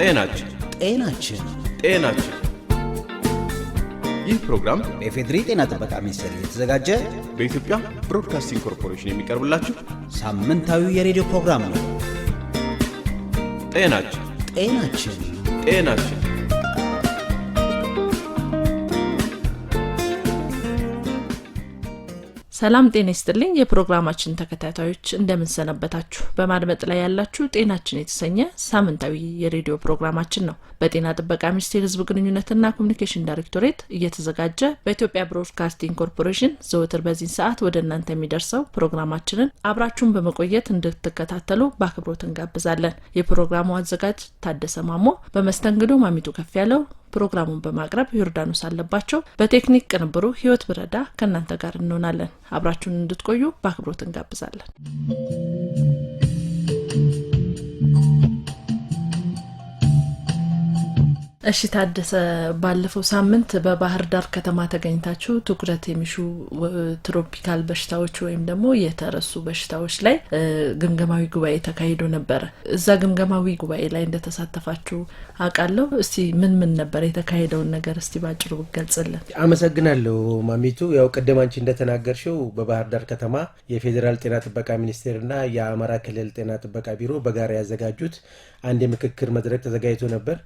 ጤናችን ጤናችን ጤናችን። ይህ ፕሮግራም በኢፌዴሪ ጤና ጥበቃ ሚኒስቴር የተዘጋጀ በኢትዮጵያ ብሮድካስቲንግ ኮርፖሬሽን የሚቀርብላችሁ ሳምንታዊ የሬዲዮ ፕሮግራም ነው። ጤናችን ጤናችን ጤናችን ሰላም ጤና ይስጥልኝ። የፕሮግራማችን ተከታታዮች እንደምንሰነበታችሁ። በማድመጥ ላይ ያላችሁ ጤናችን የተሰኘ ሳምንታዊ የሬዲዮ ፕሮግራማችን ነው። በጤና ጥበቃ ሚኒስቴር ህዝብ ግንኙነትና ኮሚኒኬሽን ዳይሬክቶሬት እየተዘጋጀ በኢትዮጵያ ብሮድካስቲንግ ኮርፖሬሽን ዘወትር በዚህን ሰዓት ወደ እናንተ የሚደርሰው ፕሮግራማችንን አብራችሁን በመቆየት እንድትከታተሉ በአክብሮት እንጋብዛለን። የፕሮግራሙ አዘጋጅ ታደሰ ማሞ፣ በመስተንግዶ ማሚቱ ከፍ ያለው ፕሮግራሙን በማቅረብ ዮርዳኖስ አለባቸው፣ በቴክኒክ ቅንብሩ ህይወት ብረዳ ከእናንተ ጋር እንሆናለን። አብራችሁን እንድትቆዩ በአክብሮት እንጋብዛለን። እሺ ታደሰ፣ ባለፈው ሳምንት በባህር ዳር ከተማ ተገኝታችሁ ትኩረት የሚሹ ትሮፒካል በሽታዎች ወይም ደግሞ የተረሱ በሽታዎች ላይ ግምገማዊ ጉባኤ ተካሂዶ ነበረ። እዛ ግምገማዊ ጉባኤ ላይ እንደተሳተፋችሁ አውቃለሁ። እስቲ ምን ምን ነበር የተካሄደውን ነገር እስቲ ባጭሩ ገልጽልን። አመሰግናለሁ ማሚቱ። ያው ቅድም አንቺ እንደተናገርሽው በባህር ዳር ከተማ የፌዴራል ጤና ጥበቃ ሚኒስቴርና የአማራ ክልል ጤና ጥበቃ ቢሮ በጋራ ያዘጋጁት አንድ የምክክር መድረክ ተዘጋጅቶ ነበር።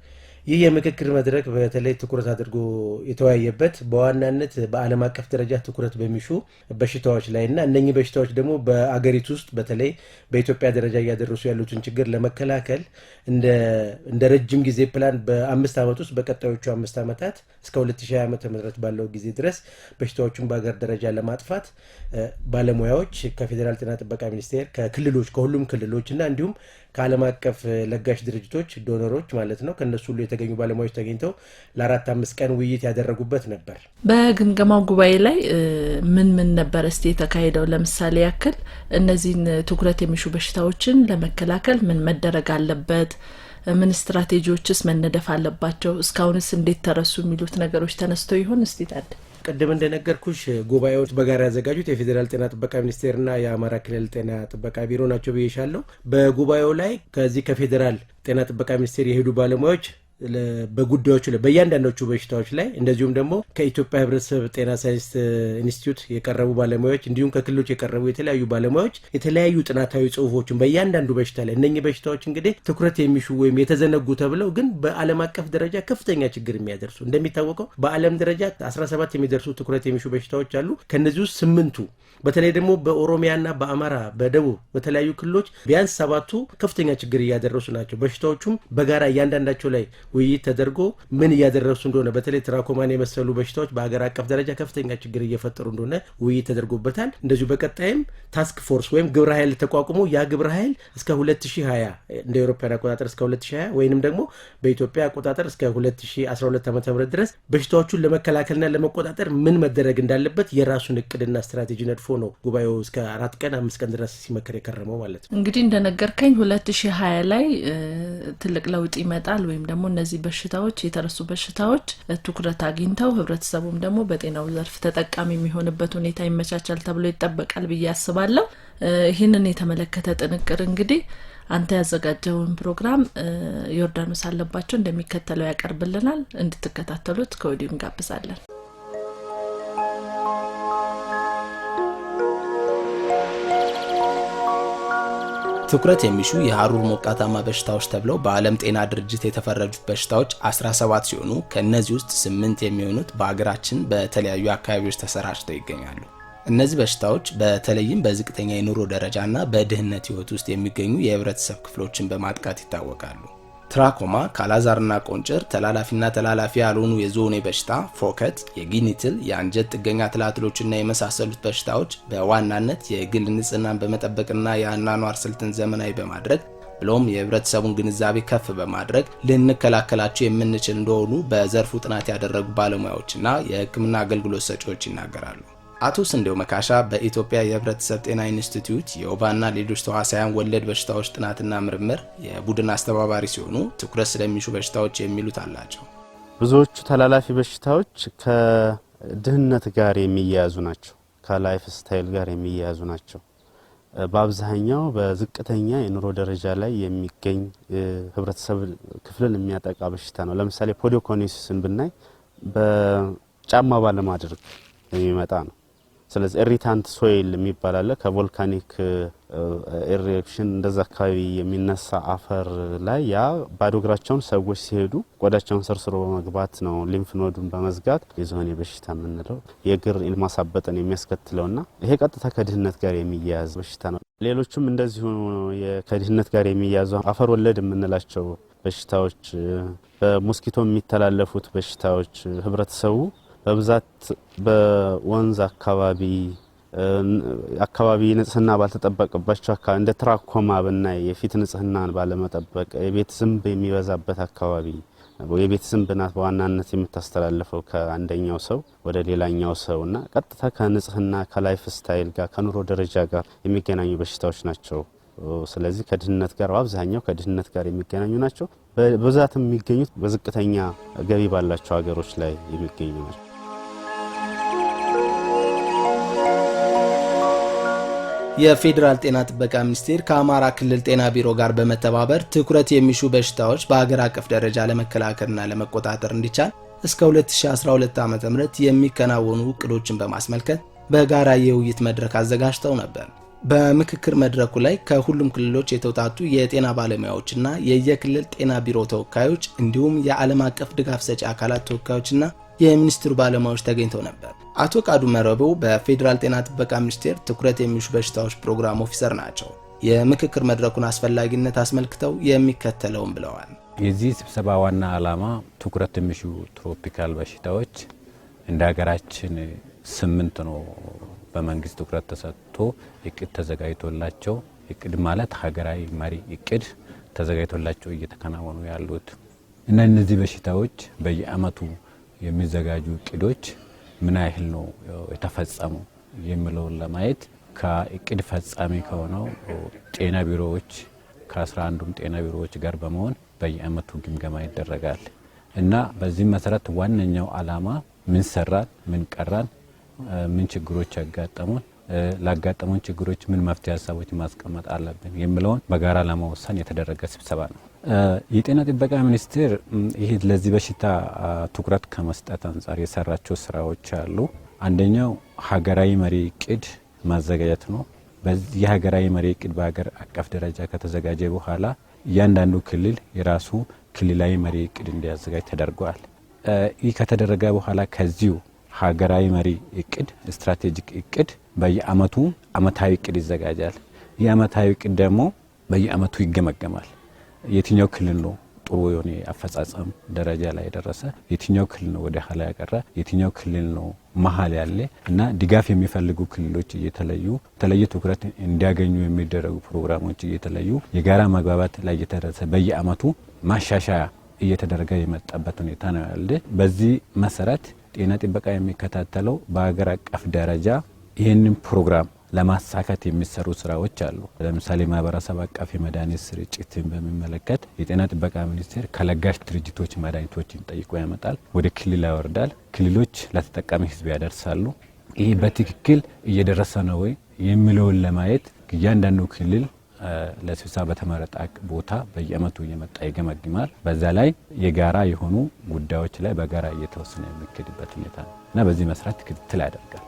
ይህ የምክክር መድረክ በተለይ ትኩረት አድርጎ የተወያየበት በዋናነት በዓለም አቀፍ ደረጃ ትኩረት በሚሹ በሽታዎች ላይ እና እነኚህ በሽታዎች ደግሞ በአገሪቱ ውስጥ በተለይ በኢትዮጵያ ደረጃ እያደረሱ ያሉትን ችግር ለመከላከል እንደ ረጅም ጊዜ ፕላን በአምስት ዓመት ውስጥ በቀጣዮቹ አምስት ዓመታት እስከ 2020 ዓ ም ባለው ጊዜ ድረስ በሽታዎቹን በሀገር ደረጃ ለማጥፋት ባለሙያዎች ከፌዴራል ጤና ጥበቃ ሚኒስቴር፣ ከክልሎች ከሁሉም ክልሎች እና እንዲሁም ከዓለም አቀፍ ለጋሽ ድርጅቶች ዶነሮች ማለት ነው ከእነሱ ሁሉ የተገኙ ባለሙያዎች ተገኝተው ለአራት አምስት ቀን ውይይት ያደረጉበት ነበር። በግምገማው ጉባኤ ላይ ምን ምን ነበር እስቲ የተካሄደው? ለምሳሌ ያክል እነዚህን ትኩረት የሚሹ በሽታዎችን ለመከላከል ምን መደረግ አለበት? ምን ስትራቴጂዎችስ መነደፍ አለባቸው? እስካሁንስ እንዴት ተረሱ? የሚሉት ነገሮች ተነስተው ይሆን እስቲ ታዲያ ቅድም እንደነገርኩሽ ጉባኤዎች በጋራ ያዘጋጁት የፌዴራል ጤና ጥበቃ ሚኒስቴርና የአማራ ክልል ጤና ጥበቃ ቢሮ ናቸው ብዬሻለሁ። በጉባኤው ላይ ከዚህ ከፌዴራል ጤና ጥበቃ ሚኒስቴር የሄዱ ባለሙያዎች በጉዳዮቹ ላይ በእያንዳንዶቹ በሽታዎች ላይ እንደዚሁም ደግሞ ከኢትዮጵያ ህብረተሰብ ጤና ሳይንስ ኢንስቲትዩት የቀረቡ ባለሙያዎች እንዲሁም ከክልሎች የቀረቡ የተለያዩ ባለሙያዎች የተለያዩ ጥናታዊ ጽሁፎችን በእያንዳንዱ በሽታ ላይ እነኚህ በሽታዎች እንግዲህ ትኩረት የሚሹ ወይም የተዘነጉ ተብለው ግን በዓለም አቀፍ ደረጃ ከፍተኛ ችግር የሚያደርሱ እንደሚታወቀው በዓለም ደረጃ 17 የሚደርሱ ትኩረት የሚሹ በሽታዎች አሉ። ከነዚህ ውስጥ ስምንቱ በተለይ ደግሞ በኦሮሚያና በአማራ በደቡብ በተለያዩ ክልሎች ቢያንስ ሰባቱ ከፍተኛ ችግር እያደረሱ ናቸው። በሽታዎቹም በጋራ እያንዳንዳቸው ላይ ውይይት ተደርጎ ምን እያደረሱ እንደሆነ በተለይ ትራኮማን የመሰሉ በሽታዎች በሀገር አቀፍ ደረጃ ከፍተኛ ችግር እየፈጠሩ እንደሆነ ውይይት ተደርጎበታል። እንደዚሁ በቀጣይም ታስክ ፎርስ ወይም ግብረ ኃይል ተቋቁሞ ያ ግብረ ኃይል እስከ 2020 እንደ ኤሮፓያን አቆጣጠር እስከ 2020 ወይንም ደግሞ በኢትዮጵያ አቆጣጠር እስከ 2012 ዓ ም ድረስ በሽታዎቹን ለመከላከልና ለመቆጣጠር ምን መደረግ እንዳለበት የራሱን እቅድና ስትራቴጂ ነድፎ ነው ጉባኤው እስከ አራት ቀን አምስት ቀን ድረስ ሲመከር የከረመው ማለት ነው። እንግዲህ እንደነገርከኝ 2020 ላይ ትልቅ ለውጥ ይመጣል ወይም ደግሞ እነዚህ በሽታዎች የተረሱ በሽታዎች ትኩረት አግኝተው ህብረተሰቡም ደግሞ በጤናው ዘርፍ ተጠቃሚ የሚሆንበት ሁኔታ ይመቻቻል ተብሎ ይጠበቃል ብዬ አስባለሁ። ይህንን የተመለከተ ጥንቅር እንግዲህ አንተ ያዘጋጀውን ፕሮግራም ዮርዳኖስ አለባቸው እንደሚከተለው ያቀርብልናል። እንድትከታተሉት ከወዲሁ እንጋብዛለን። ትኩረት የሚሹ የሐሩር ሞቃታማ በሽታዎች ተብለው በዓለም ጤና ድርጅት የተፈረጁት በሽታዎች 17 ሲሆኑ ከእነዚህ ውስጥ 8 የሚሆኑት በሀገራችን በተለያዩ አካባቢዎች ተሰራጭተው ይገኛሉ። እነዚህ በሽታዎች በተለይም በዝቅተኛ የኑሮ ደረጃና በድህነት ህይወት ውስጥ የሚገኙ የህብረተሰብ ክፍሎችን በማጥቃት ይታወቃሉ። ትራኮማ ካላዛርና ቆንጭር ተላላፊና ተላላፊ ያልሆኑ የዞኔ በሽታ፣ ፎከት፣ የጊኒትል፣ የአንጀት ጥገኛ ትላትሎችና የመሳሰሉት በሽታዎች በዋናነት የግል ንጽህናን በመጠበቅና የአኗኗር ስልትን ዘመናዊ በማድረግ ብሎም የህብረተሰቡን ግንዛቤ ከፍ በማድረግ ልንከላከላቸው የምንችል እንደሆኑ በዘርፉ ጥናት ያደረጉ ባለሙያዎችና የህክምና አገልግሎት ሰጪዎች ይናገራሉ። አቶ ስንዴው መካሻ በኢትዮጵያ የህብረተሰብ ጤና ኢንስቲትዩት የወባና ሌሎች ተዋሳያን ወለድ በሽታዎች ጥናትና ምርምር የቡድን አስተባባሪ ሲሆኑ ትኩረት ስለሚሹ በሽታዎች የሚሉት አላቸው። ብዙዎቹ ተላላፊ በሽታዎች ከድህነት ጋር የሚያያዙ ናቸው፣ ከላይፍ ስታይል ጋር የሚያያዙ ናቸው። በአብዛኛው በዝቅተኛ የኑሮ ደረጃ ላይ የሚገኝ ህብረተሰብ ክፍልን የሚያጠቃ በሽታ ነው። ለምሳሌ ፖዶኮኔሲስን ብናይ በጫማ ባለማድረግ የሚመጣ ነው። ስለዚህ ኤሪታንት ሶይል የሚባል አለ። ከቮልካኒክ ኤሬክሽን uh, እንደዛ አካባቢ የሚነሳ አፈር ላይ ያ ባዶ እግራቸውን ሰዎች ሲሄዱ ቆዳቸውን ሰርስሮ በመግባት ነው ሊምፍ ኖዱን በመዝጋት የዝሆኔ በሽታ የምንለው የእግር ማሳበጥን የሚያስከትለውና ይሄ ቀጥታ ከድህነት ጋር የሚያያዝ በሽታ ነው። ሌሎችም እንደዚሁ ከድህነት ጋር የሚያያዙ አፈር ወለድ የምንላቸው በሽታዎች፣ በሞስኪቶ የሚተላለፉት በሽታዎች ህብረተሰቡ በብዛት በወንዝ አካባቢ አካባቢ ንጽህና ባልተጠበቀባቸው አካባቢ እንደ ትራኮማ ብናይ የፊት ንጽህናን ባለመጠበቅ የቤት ዝንብ የሚበዛበት አካባቢ የቤት ዝንብ ናት በዋናነት የምታስተላልፈው ከአንደኛው ሰው ወደ ሌላኛው ሰው እና ቀጥታ ከንጽህና ከላይፍ ስታይል ጋር ከኑሮ ደረጃ ጋር የሚገናኙ በሽታዎች ናቸው። ስለዚህ ከድህነት ጋር በአብዛኛው ከድህነት ጋር የሚገናኙ ናቸው። በብዛት የሚገኙት በዝቅተኛ ገቢ ባላቸው ሀገሮች ላይ የሚገኙ ናቸው። የፌዴራል ጤና ጥበቃ ሚኒስቴር ከአማራ ክልል ጤና ቢሮ ጋር በመተባበር ትኩረት የሚሹ በሽታዎች በሀገር አቀፍ ደረጃ ለመከላከልና ለመቆጣጠር እንዲቻል እስከ 2012 ዓ ም የሚከናወኑ እቅዶችን በማስመልከት በጋራ የውይይት መድረክ አዘጋጅተው ነበር። በምክክር መድረኩ ላይ ከሁሉም ክልሎች የተውጣጡ የጤና ባለሙያዎችና የየክልል ጤና ቢሮ ተወካዮች እንዲሁም የዓለም አቀፍ ድጋፍ ሰጪ አካላት ተወካዮችና የሚኒስትሩ ባለሙያዎች ተገኝተው ነበር። አቶ ቃዱ መረበው በፌዴራል ጤና ጥበቃ ሚኒስቴር ትኩረት የሚሹ በሽታዎች ፕሮግራም ኦፊሰር ናቸው። የምክክር መድረኩን አስፈላጊነት አስመልክተው የሚከተለውም ብለዋል። የዚህ ስብሰባ ዋና ዓላማ ትኩረት የሚሹ ትሮፒካል በሽታዎች እንደ ሀገራችን ስምንት ነው። በመንግስት ትኩረት ተሰጥቶ እቅድ ተዘጋጅቶላቸው እቅድ ማለት ሀገራዊ መሪ እቅድ ተዘጋጅቶላቸው እየተከናወኑ ያሉት እና እነዚህ በሽታዎች በየአመቱ የሚዘጋጁ እቅዶች ምን ያህል ነው የተፈጸሙ የሚለውን ለማየት ከእቅድ ፈጻሚ ከሆነው ጤና ቢሮዎች ከአስራ አንዱም ጤና ቢሮዎች ጋር በመሆን በየአመቱ ግምገማ ይደረጋል እና በዚህ መሰረት ዋነኛው አላማ ምን ሰራን፣ ምን ቀራን፣ ምን ችግሮች ያጋጠሙን፣ ላጋጠሙን ችግሮች ምን መፍትሄ ሀሳቦች ማስቀመጥ አለብን የሚለውን በጋራ ለመወሰን የተደረገ ስብሰባ ነው። የጤና ጥበቃ ሚኒስቴር ይህ ለዚህ በሽታ ትኩረት ከመስጠት አንጻር የሰራቸው ስራዎች አሉ። አንደኛው ሀገራዊ መሪ እቅድ ማዘጋጀት ነው። በዚህ ሀገራዊ መሪ እቅድ በሀገር አቀፍ ደረጃ ከተዘጋጀ በኋላ እያንዳንዱ ክልል የራሱ ክልላዊ መሪ እቅድ እንዲያዘጋጅ ተደርጓል። ይህ ከተደረገ በኋላ ከዚሁ ሀገራዊ መሪ እቅድ ስትራቴጂክ እቅድ በየአመቱ አመታዊ እቅድ ይዘጋጃል። ይህ አመታዊ እቅድ ደግሞ በየአመቱ ይገመገማል። የትኛው ክልል ነው ጥሩ የሆነ አፈጻጸም ደረጃ ላይ የደረሰ የትኛው ክልል ነው ወደ ኋላ ያቀረ የትኛው ክልል ነው መሀል ያለ እና ድጋፍ የሚፈልጉ ክልሎች እየተለዩ የተለየ ትኩረት እንዲያገኙ የሚደረጉ ፕሮግራሞች እየተለዩ የጋራ መግባባት ላይ እየተደረሰ በየአመቱ ማሻሻያ እየተደረገ የመጣበት ሁኔታ ነው ያለ። በዚህ መሰረት ጤና ጥበቃ የሚከታተለው በሀገር አቀፍ ደረጃ ይህንን ፕሮግራም ለማሳካት የሚሰሩ ስራዎች አሉ። ለምሳሌ ማህበረሰብ አቀፍ የመድኃኒት ስርጭትን በሚመለከት የጤና ጥበቃ ሚኒስቴር ከለጋሽ ድርጅቶች መድኃኒቶችን ጠይቆ ያመጣል፣ ወደ ክልል ያወርዳል፣ ክልሎች ለተጠቃሚ ህዝብ ያደርሳሉ። ይህ በትክክል እየደረሰ ነው ወይ የሚለውን ለማየት እያንዳንዱ ክልል ለስብሳ በተመረጠ ቦታ በየአመቱ እየመጣ ይገመግማል። በዛ ላይ የጋራ የሆኑ ጉዳዮች ላይ በጋራ እየተወሰነ የሚክድበት ሁኔታ ነው እና በዚህ መስራት ክትትል ያደርጋል።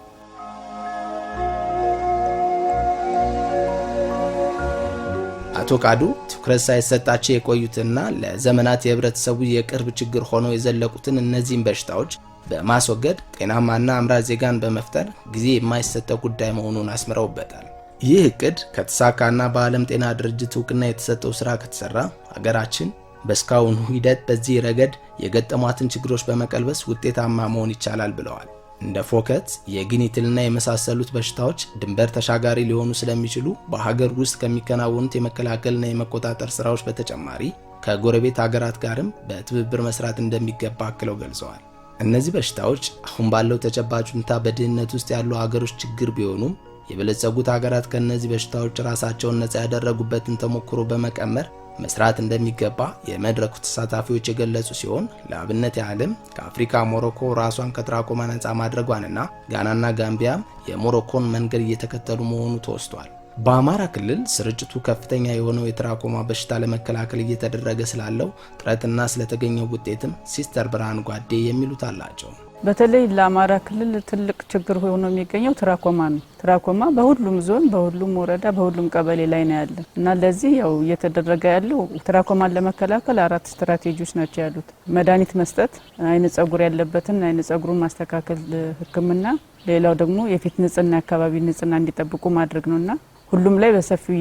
አቶ ቃዱ ትኩረት ሳይሰጣቸው የቆዩትና ለዘመናት የህብረተሰቡ የቅርብ ችግር ሆነው የዘለቁትን እነዚህን በሽታዎች በማስወገድ ጤናማና አምራ ዜጋን በመፍጠር ጊዜ የማይሰጠው ጉዳይ መሆኑን አስምረውበታል። ይህ እቅድ ከተሳካና በዓለም ጤና ድርጅት እውቅና የተሰጠው ስራ ከተሰራ ሀገራችን በእስካሁኑ ሂደት በዚህ ረገድ የገጠሟትን ችግሮች በመቀልበስ ውጤታማ መሆን ይቻላል ብለዋል። እንደ ፎከት፣ የግኒትልና ትልና የመሳሰሉት በሽታዎች ድንበር ተሻጋሪ ሊሆኑ ስለሚችሉ በሀገር ውስጥ ከሚከናወኑት የመከላከልና የመቆጣጠር ስራዎች በተጨማሪ ከጎረቤት ሀገራት ጋርም በትብብር መስራት እንደሚገባ አክለው ገልጸዋል። እነዚህ በሽታዎች አሁን ባለው ተጨባጭ ሁኔታ በድህነት ውስጥ ያሉ ሀገሮች ችግር ቢሆኑም የበለጸጉት ሀገራት ከእነዚህ በሽታዎች ራሳቸውን ነፃ ያደረጉበትን ተሞክሮ በመቀመር መስራት እንደሚገባ የመድረኩ ተሳታፊዎች የገለጹ ሲሆን ለአብነት ያህልም ከአፍሪካ ሞሮኮ ራሷን ከትራኮማ ነጻ ማድረጓንና ጋናና ጋምቢያም የሞሮኮን መንገድ እየተከተሉ መሆኑ ተወስቷል። በአማራ ክልል ስርጭቱ ከፍተኛ የሆነው የትራኮማ በሽታ ለመከላከል እየተደረገ ስላለው ጥረትና ስለተገኘው ውጤትም ሲስተር ብርሃን ጓዴ የሚሉት አላቸው። በተለይ ለአማራ ክልል ትልቅ ችግር ሆኖ የሚገኘው ትራኮማ ነው። ትራኮማ በሁሉም ዞን፣ በሁሉም ወረዳ፣ በሁሉም ቀበሌ ላይ ነው ያለ እና ለዚህ ያው እየተደረገ ያለው ትራኮማን ለመከላከል አራት ስትራቴጂዎች ናቸው ያሉት። መድኃኒት መስጠት፣ አይነ ጸጉር ያለበትን አይነ ጸጉሩን ማስተካከል ህክምና ሌላው ደግሞ የፊት ንጽህና፣ የአካባቢ ንጽህና እንዲጠብቁ ማድረግ ነው እና ሁሉም ላይ በሰፊው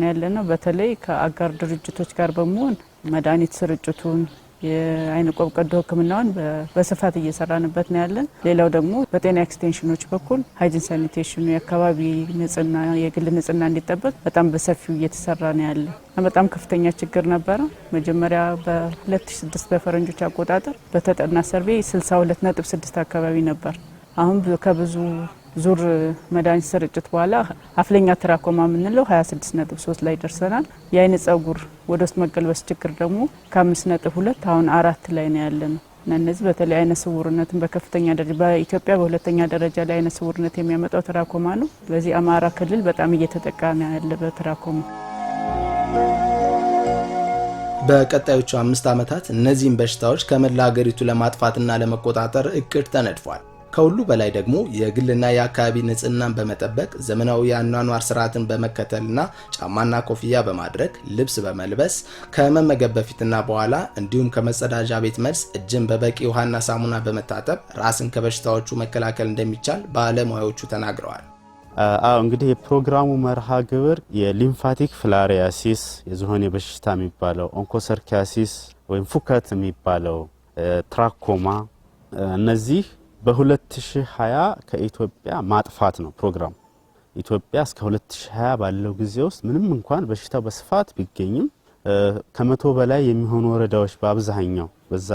ነው ያለ ነው። በተለይ ከአጋር ድርጅቶች ጋር በመሆን መድኃኒት ስርጭቱን የአይን ቆብ ቀዶ በስፋት እየሰራንበት ነው ያለን። ሌላው ደግሞ በጤና ኤክስቴንሽኖች በኩል ሀይጂን ሳኒቴሽኑ የአካባቢ ንጽህና፣ የግል ንጽህና እንዲጠበቅ በጣም በሰፊው እየተሰራ ነው ያለ። በጣም ከፍተኛ ችግር ነበረ። መጀመሪያ በ2006 በፈረንጆች አቆጣጠር በተጠና ሰርቬይ 62.6 አካባቢ ነበር። አሁን ከብዙ ዙር መድኃኒት ስርጭት በኋላ አፍለኛ ትራኮማ የምንለው ሶስት ላይ ደርሰናል። የአይነ ጸጉር ወደ ውስጥ መቀልበስ ችግር ደግሞ ነጥብ ሁለት አሁን አራት ላይ ነው ያለ ነው እና እነዚህ በተለይ አይነ ስውርነትን በከፍተኛ ደረጃ በኢትዮጵያ በሁለተኛ ደረጃ ላይ አይነ ስውርነት የሚያመጣው ትራኮማ ነው። በዚህ አማራ ክልል በጣም እየተጠቃሚ ያለ በትራኮማ። በቀጣዮቹ አምስት ዓመታት እነዚህን በሽታዎች ከመላ ሀገሪቱ ለማጥፋትና ለመቆጣጠር እቅድ ተነድፏል። ከሁሉ በላይ ደግሞ የግልና የአካባቢ ንጽህናን በመጠበቅ ዘመናዊ የአኗኗር ስርዓትን በመከተልና ጫማና ኮፍያ በማድረግ ልብስ በመልበስ ከመመገብ በፊትና በኋላ እንዲሁም ከመጸዳጃ ቤት መልስ እጅን በበቂ ውሃና ሳሙና በመታጠብ ራስን ከበሽታዎቹ መከላከል እንደሚቻል ባለሙያዎቹ ተናግረዋል። አዎ እንግዲህ የፕሮግራሙ መርሃ ግብር የሊምፋቲክ ፍላሪያሲስ የዝሆኔ በሽታ የሚባለው ኦንኮሰርኪያሲስ ወይም ፉከት የሚባለው ትራኮማ እነዚህ በ2020 ከኢትዮጵያ ማጥፋት ነው ፕሮግራሙ ኢትዮጵያ እስከ 2020 ባለው ጊዜ ውስጥ ምንም እንኳን በሽታው በስፋት ቢገኝም ከመቶ በላይ የሚሆኑ ወረዳዎች በአብዛኛው በዛ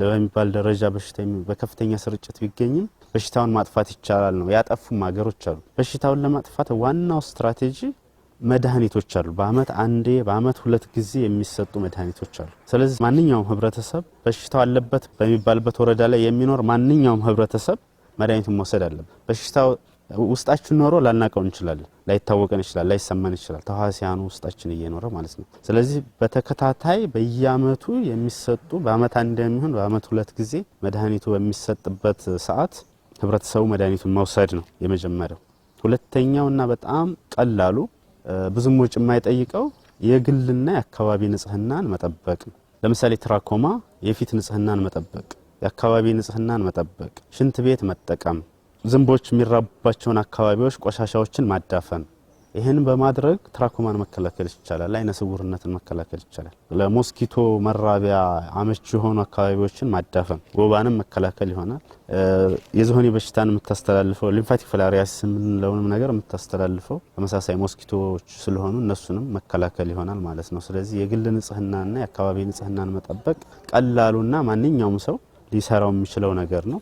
በሚባል ደረጃ በሽታ በከፍተኛ ስርጭት ቢገኝም በሽታውን ማጥፋት ይቻላል ነው ያጠፉም ሀገሮች አሉ። በሽታውን ለማጥፋት ዋናው ስትራቴጂ መድኃኒቶች አሉ። በአመት አንዴ በአመት ሁለት ጊዜ የሚሰጡ መድኃኒቶች አሉ። ስለዚህ ማንኛውም ህብረተሰብ በሽታው አለበት በሚባልበት ወረዳ ላይ የሚኖር ማንኛውም ህብረተሰብ መድኃኒቱን መውሰድ አለበት። በሽታው ውስጣችን ኖሮ ላናቀው እንችላለን፣ ላይታወቀን ይችላል፣ ላይሰማን ይችላል። ተዋሲያኑ ውስጣችን እየኖረ ማለት ነው። ስለዚህ በተከታታይ በየአመቱ የሚሰጡ በአመት አንድ የሚሆን በአመት ሁለት ጊዜ መድኃኒቱ በሚሰጥበት ሰዓት ህብረተሰቡ መድኃኒቱን መውሰድ ነው የመጀመሪያው። ሁለተኛውና በጣም ቀላሉ ብዙም ወጪ የማይጠይቀው የግልና የአካባቢ ንጽህናን መጠበቅ ነው። ለምሳሌ ትራኮማ የፊት ንጽህናን መጠበቅ፣ የአካባቢ ንጽህናን መጠበቅ፣ ሽንት ቤት መጠቀም፣ ዝንቦች የሚራቡባቸውን አካባቢዎች ቆሻሻዎችን ማዳፈን ይህን በማድረግ ትራኮማን መከላከል ይቻላል። አይነ ስውርነትን መከላከል ይቻላል። ለሞስኪቶ መራቢያ አመች የሆኑ አካባቢዎችን ማዳፈን፣ ወባንም መከላከል ይሆናል። የዝሆኔ በሽታን የምታስተላልፈው ሊምፋቲክ ፍላሪያሲስ የምንለውንም ነገር የምታስተላልፈው ተመሳሳይ ሞስኪቶዎች ስለሆኑ እነሱንም መከላከል ይሆናል ማለት ነው። ስለዚህ የግል ንጽህናና የአካባቢ ንጽህናን መጠበቅ ቀላሉና ማንኛውም ሰው ሊሰራው የሚችለው ነገር ነው።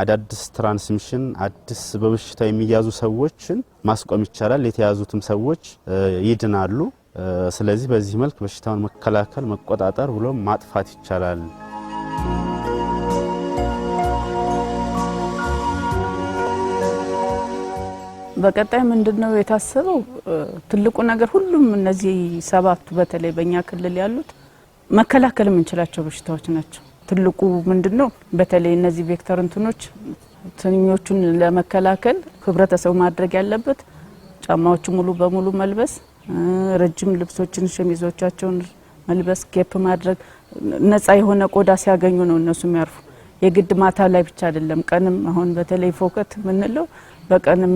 አዳዲስ ትራንስሚሽን አዲስ በበሽታ የሚያዙ ሰዎችን ማስቆም ይቻላል። የተያዙትም ሰዎች ይድናሉ። ስለዚህ በዚህ መልክ በሽታውን መከላከል፣ መቆጣጠር ብሎ ማጥፋት ይቻላል። በቀጣይ ምንድን ነው የታሰበው? ትልቁ ነገር ሁሉም እነዚህ ሰባቱ በተለይ በእኛ ክልል ያሉት መከላከል የምንችላቸው በሽታዎች ናቸው። ትልቁ ምንድን ነው በተለይ እነዚህ ቬክተር እንትኖች ትንኞቹን ለመከላከል ህብረተሰቡ ማድረግ ያለበት ጫማዎቹ ሙሉ በሙሉ መልበስ፣ ረጅም ልብሶችን ሸሚዞቻቸውን መልበስ፣ ኬፕ ማድረግ፣ ነጻ የሆነ ቆዳ ሲያገኙ ነው እነሱ የሚያርፉ። የግድ ማታ ላይ ብቻ አይደለም፣ ቀንም አሁን በተለይ ፎከት የምንለው በቀንም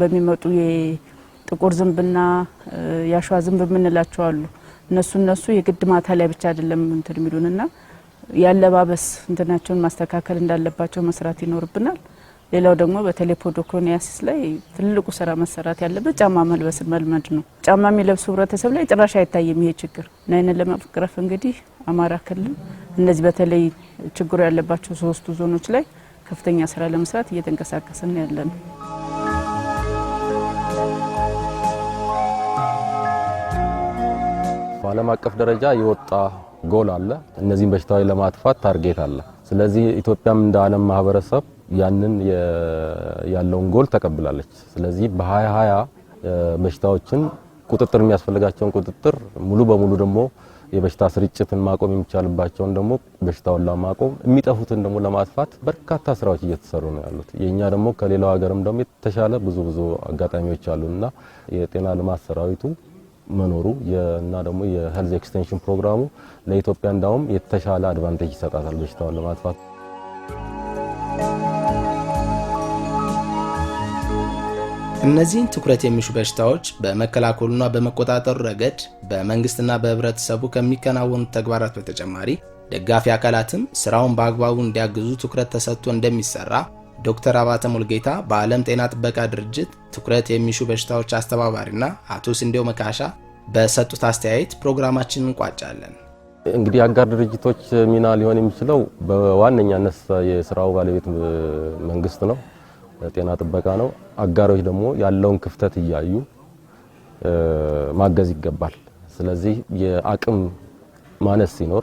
በሚመጡ የጥቁር ዝንብና የአሸዋ ዝንብ የምንላቸው አሉ። እነሱ እነሱ የግድ ማታ ላይ ብቻ አይደለም እንትን የሚሉንና ያለባበስ እንትናቸውን ማስተካከል እንዳለባቸው መስራት ይኖርብናል። ሌላው ደግሞ በተለይ ፖዶኮኒያሲስ ላይ ትልቁ ስራ መሰራት ያለበት ጫማ መልበስን መልመድ ነው። ጫማ የሚለብሱ ህብረተሰብ ላይ ጭራሽ አይታይም ይሄ ችግር እና ይህንን ለመቅረፍ እንግዲህ አማራ ክልል እነዚህ በተለይ ችግሩ ያለባቸው ሶስቱ ዞኖች ላይ ከፍተኛ ስራ ለመስራት እየተንቀሳቀስን ያለ ነው። በዓለም አቀፍ ደረጃ የወጣ ጎል አለ። እነዚህን በሽታዎች ለማጥፋት ታርጌት አለ። ስለዚህ ኢትዮጵያም እንደ ዓለም ማህበረሰብ ያንን ያለውን ጎል ተቀብላለች። ስለዚህ በ2020 በሽታዎችን ቁጥጥር የሚያስፈልጋቸውን ቁጥጥር ሙሉ በሙሉ ደግሞ የበሽታ ስርጭትን ማቆም የሚቻልባቸውን ደግሞ በሽታውን ለማቆም የሚጠፉትን ደግሞ ለማጥፋት በርካታ ስራዎች እየተሰሩ ነው ያሉት። የእኛ ደግሞ ከሌላው ሀገርም ደግሞ የተሻለ ብዙ ብዙ አጋጣሚዎች አሉ እና የጤና ልማት ሰራዊቱ መኖሩ እና ደግሞ የሄልዝ ኤክስቴንሽን ፕሮግራሙ ለኢትዮጵያ እንዳውም የተሻለ አድቫንቴጅ ይሰጣታል በሽታውን ለማጥፋት። እነዚህን ትኩረት የሚሹ በሽታዎች በመከላከሉና በመቆጣጠሩ ረገድ በመንግስትና በህብረተሰቡ ከሚከናወኑ ተግባራት በተጨማሪ ደጋፊ አካላትም ስራውን በአግባቡ እንዲያግዙ ትኩረት ተሰጥቶ እንደሚሰራ ዶክተር አባተ ሙልጌታ በዓለም ጤና ጥበቃ ድርጅት ትኩረት የሚሹ በሽታዎች አስተባባሪና አቶ ስንዴው መካሻ በሰጡት አስተያየት ፕሮግራማችን እንቋጫለን። እንግዲህ አጋር ድርጅቶች ሚና ሊሆን የሚችለው በዋነኛነት የስራው ባለቤት መንግስት ነው፣ ጤና ጥበቃ ነው። አጋሮች ደግሞ ያለውን ክፍተት እያዩ ማገዝ ይገባል። ስለዚህ የአቅም ማነስ ሲኖር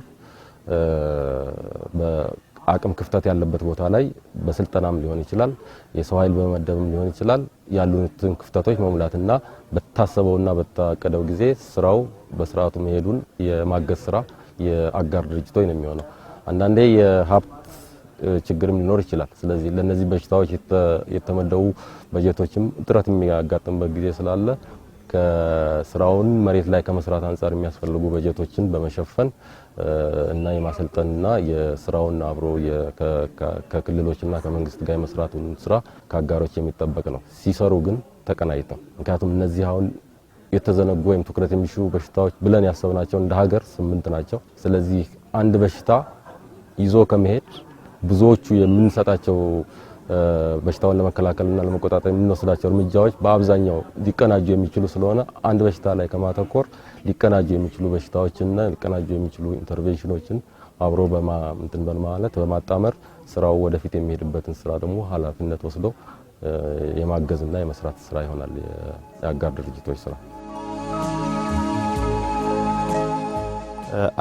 አቅም ክፍተት ያለበት ቦታ ላይ በስልጠናም ሊሆን ይችላል፣ የሰው ኃይል በመመደብም ሊሆን ይችላል ያሉትን ክፍተቶች መሙላትና በታሰበውና በታቀደው ጊዜ ስራው በስርዓቱ መሄዱን የማገዝ ስራ የአጋር ድርጅቶች ነው የሚሆነው። አንዳንዴ የሀብት ችግርም ሊኖር ይችላል። ስለዚህ ለእነዚህ በሽታዎች የተመደቡ በጀቶችም እጥረት የሚያጋጥምበት ጊዜ ስላለ ከስራውን መሬት ላይ ከመስራት አንጻር የሚያስፈልጉ በጀቶችን በመሸፈን እና የማሰልጠንና የስራውን አብሮ ከክልሎችና ከመንግስት ጋር የመስራቱን ስራ ከአጋሮች የሚጠበቅ ነው። ሲሰሩ ግን ተቀናይተው ምክንያቱም እነዚህ አሁን የተዘነጉ ወይም ትኩረት የሚሹ በሽታዎች ብለን ያሰብናቸው እንደ ሀገር ስምንት ናቸው። ስለዚህ አንድ በሽታ ይዞ ከመሄድ ብዙዎቹ የምንሰጣቸው በሽታውን ለመከላከልና ለመቆጣጠር የምንወስዳቸው እርምጃዎች በአብዛኛው ሊቀናጁ የሚችሉ ስለሆነ አንድ በሽታ ላይ ከማተኮር ሊቀናጁ የሚችሉ በሽታዎችንና ሊቀናጁ የሚችሉ ኢንተርቬንሽኖችን አብሮ እንትን በማለት በማጣመር ስራው ወደፊት የሚሄድበትን ስራ ደግሞ ኃላፊነት ወስዶ የማገዝና የመስራት ስራ ይሆናል የአጋር ድርጅቶች ስራ።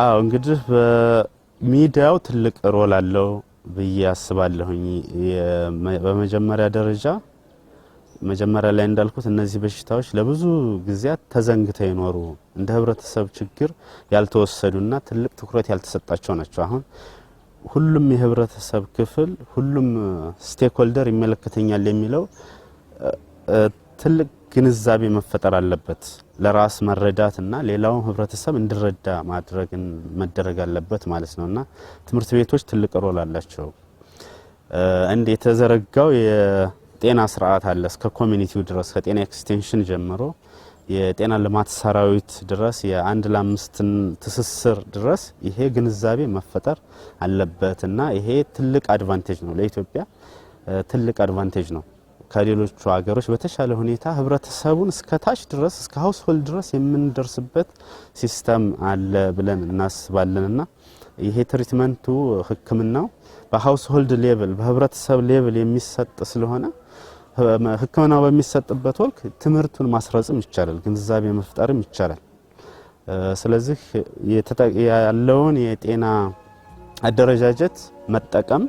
አዎ እንግዲህ በሚዲያው ትልቅ ሮል አለው። ብዬ አስባለሁኝ። በመጀመሪያ ደረጃ መጀመሪያ ላይ እንዳልኩት እነዚህ በሽታዎች ለብዙ ጊዜያት ተዘንግተው የኖሩ እንደ ህብረተሰብ ችግር ያልተወሰዱና ትልቅ ትኩረት ያልተሰጣቸው ናቸው። አሁን ሁሉም የህብረተሰብ ክፍል ሁሉም ስቴክሆልደር ይመለከተኛል የሚለው ትልቅ ግንዛቤ መፈጠር አለበት። ለራስ መረዳት እና ሌላውን ህብረተሰብ እንዲረዳ ማድረግን መደረግ አለበት ማለት ነው እና ትምህርት ቤቶች ትልቅ ሮል አላቸው። እንድ የተዘረጋው የጤና ስርዓት አለ እስከ ኮሚኒቲው ድረስ ከጤና ኤክስቴንሽን ጀምሮ የጤና ልማት ሰራዊት ድረስ የአንድ ለአምስትን ትስስር ድረስ ይሄ ግንዛቤ መፈጠር አለበት እና ይሄ ትልቅ አድቫንቴጅ ነው ለኢትዮጵያ ትልቅ አድቫንቴጅ ነው። ከሌሎቹ ሀገሮች በተሻለ ሁኔታ ህብረተሰቡን እስከታች ድረስ እስከ ሀውስሆልድ ድረስ የምንደርስበት ሲስተም አለ ብለን እናስባለንና ይሄ ትሪትመንቱ ህክምናው በሀውስሆልድ ሌቭል በህብረተሰብ ሌቭል የሚሰጥ ስለሆነ ህክምናው በሚሰጥበት ወልክ ትምህርቱን ማስረጽም ይቻላል፣ ግንዛቤ መፍጠርም ይቻላል። ስለዚህ ያለውን የጤና አደረጃጀት መጠቀም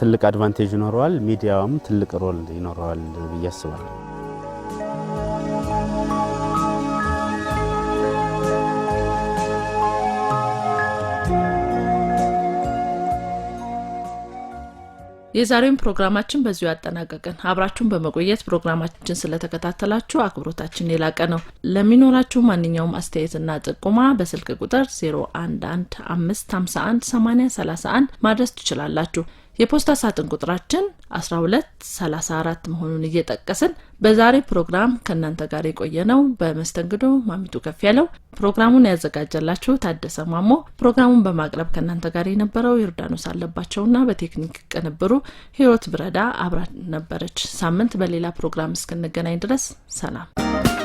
ትልቅ አድቫንቴጅ ይኖረዋል፣ ሚዲያውም ትልቅ ሮል ይኖረዋል ብዬ አስባለሁ። የዛሬውን ፕሮግራማችን በዚሁ ያጠናቀቅን። አብራችሁን በመቆየት ፕሮግራማችን ስለተከታተላችሁ አክብሮታችን የላቀ ነው። ለሚኖራችሁ ማንኛውም አስተያየትና ጥቁማ በስልክ ቁጥር 0115518031 ማድረስ ትችላላችሁ። የፖስታ ሳጥን ቁጥራችን 1234 መሆኑን እየጠቀስን በዛሬ ፕሮግራም ከእናንተ ጋር የቆየ ነው። በመስተንግዶ ማሚቱ ከፍ ያለው ፕሮግራሙን ያዘጋጀላችሁ ታደሰ ማሞ፣ ፕሮግራሙን በማቅረብ ከእናንተ ጋር የነበረው ዮርዳኖስ አለባቸውና በቴክኒክ ቅንብሩ ህይወት ብረዳ አብራ ነበረች። ሳምንት በሌላ ፕሮግራም እስክንገናኝ ድረስ ሰላም።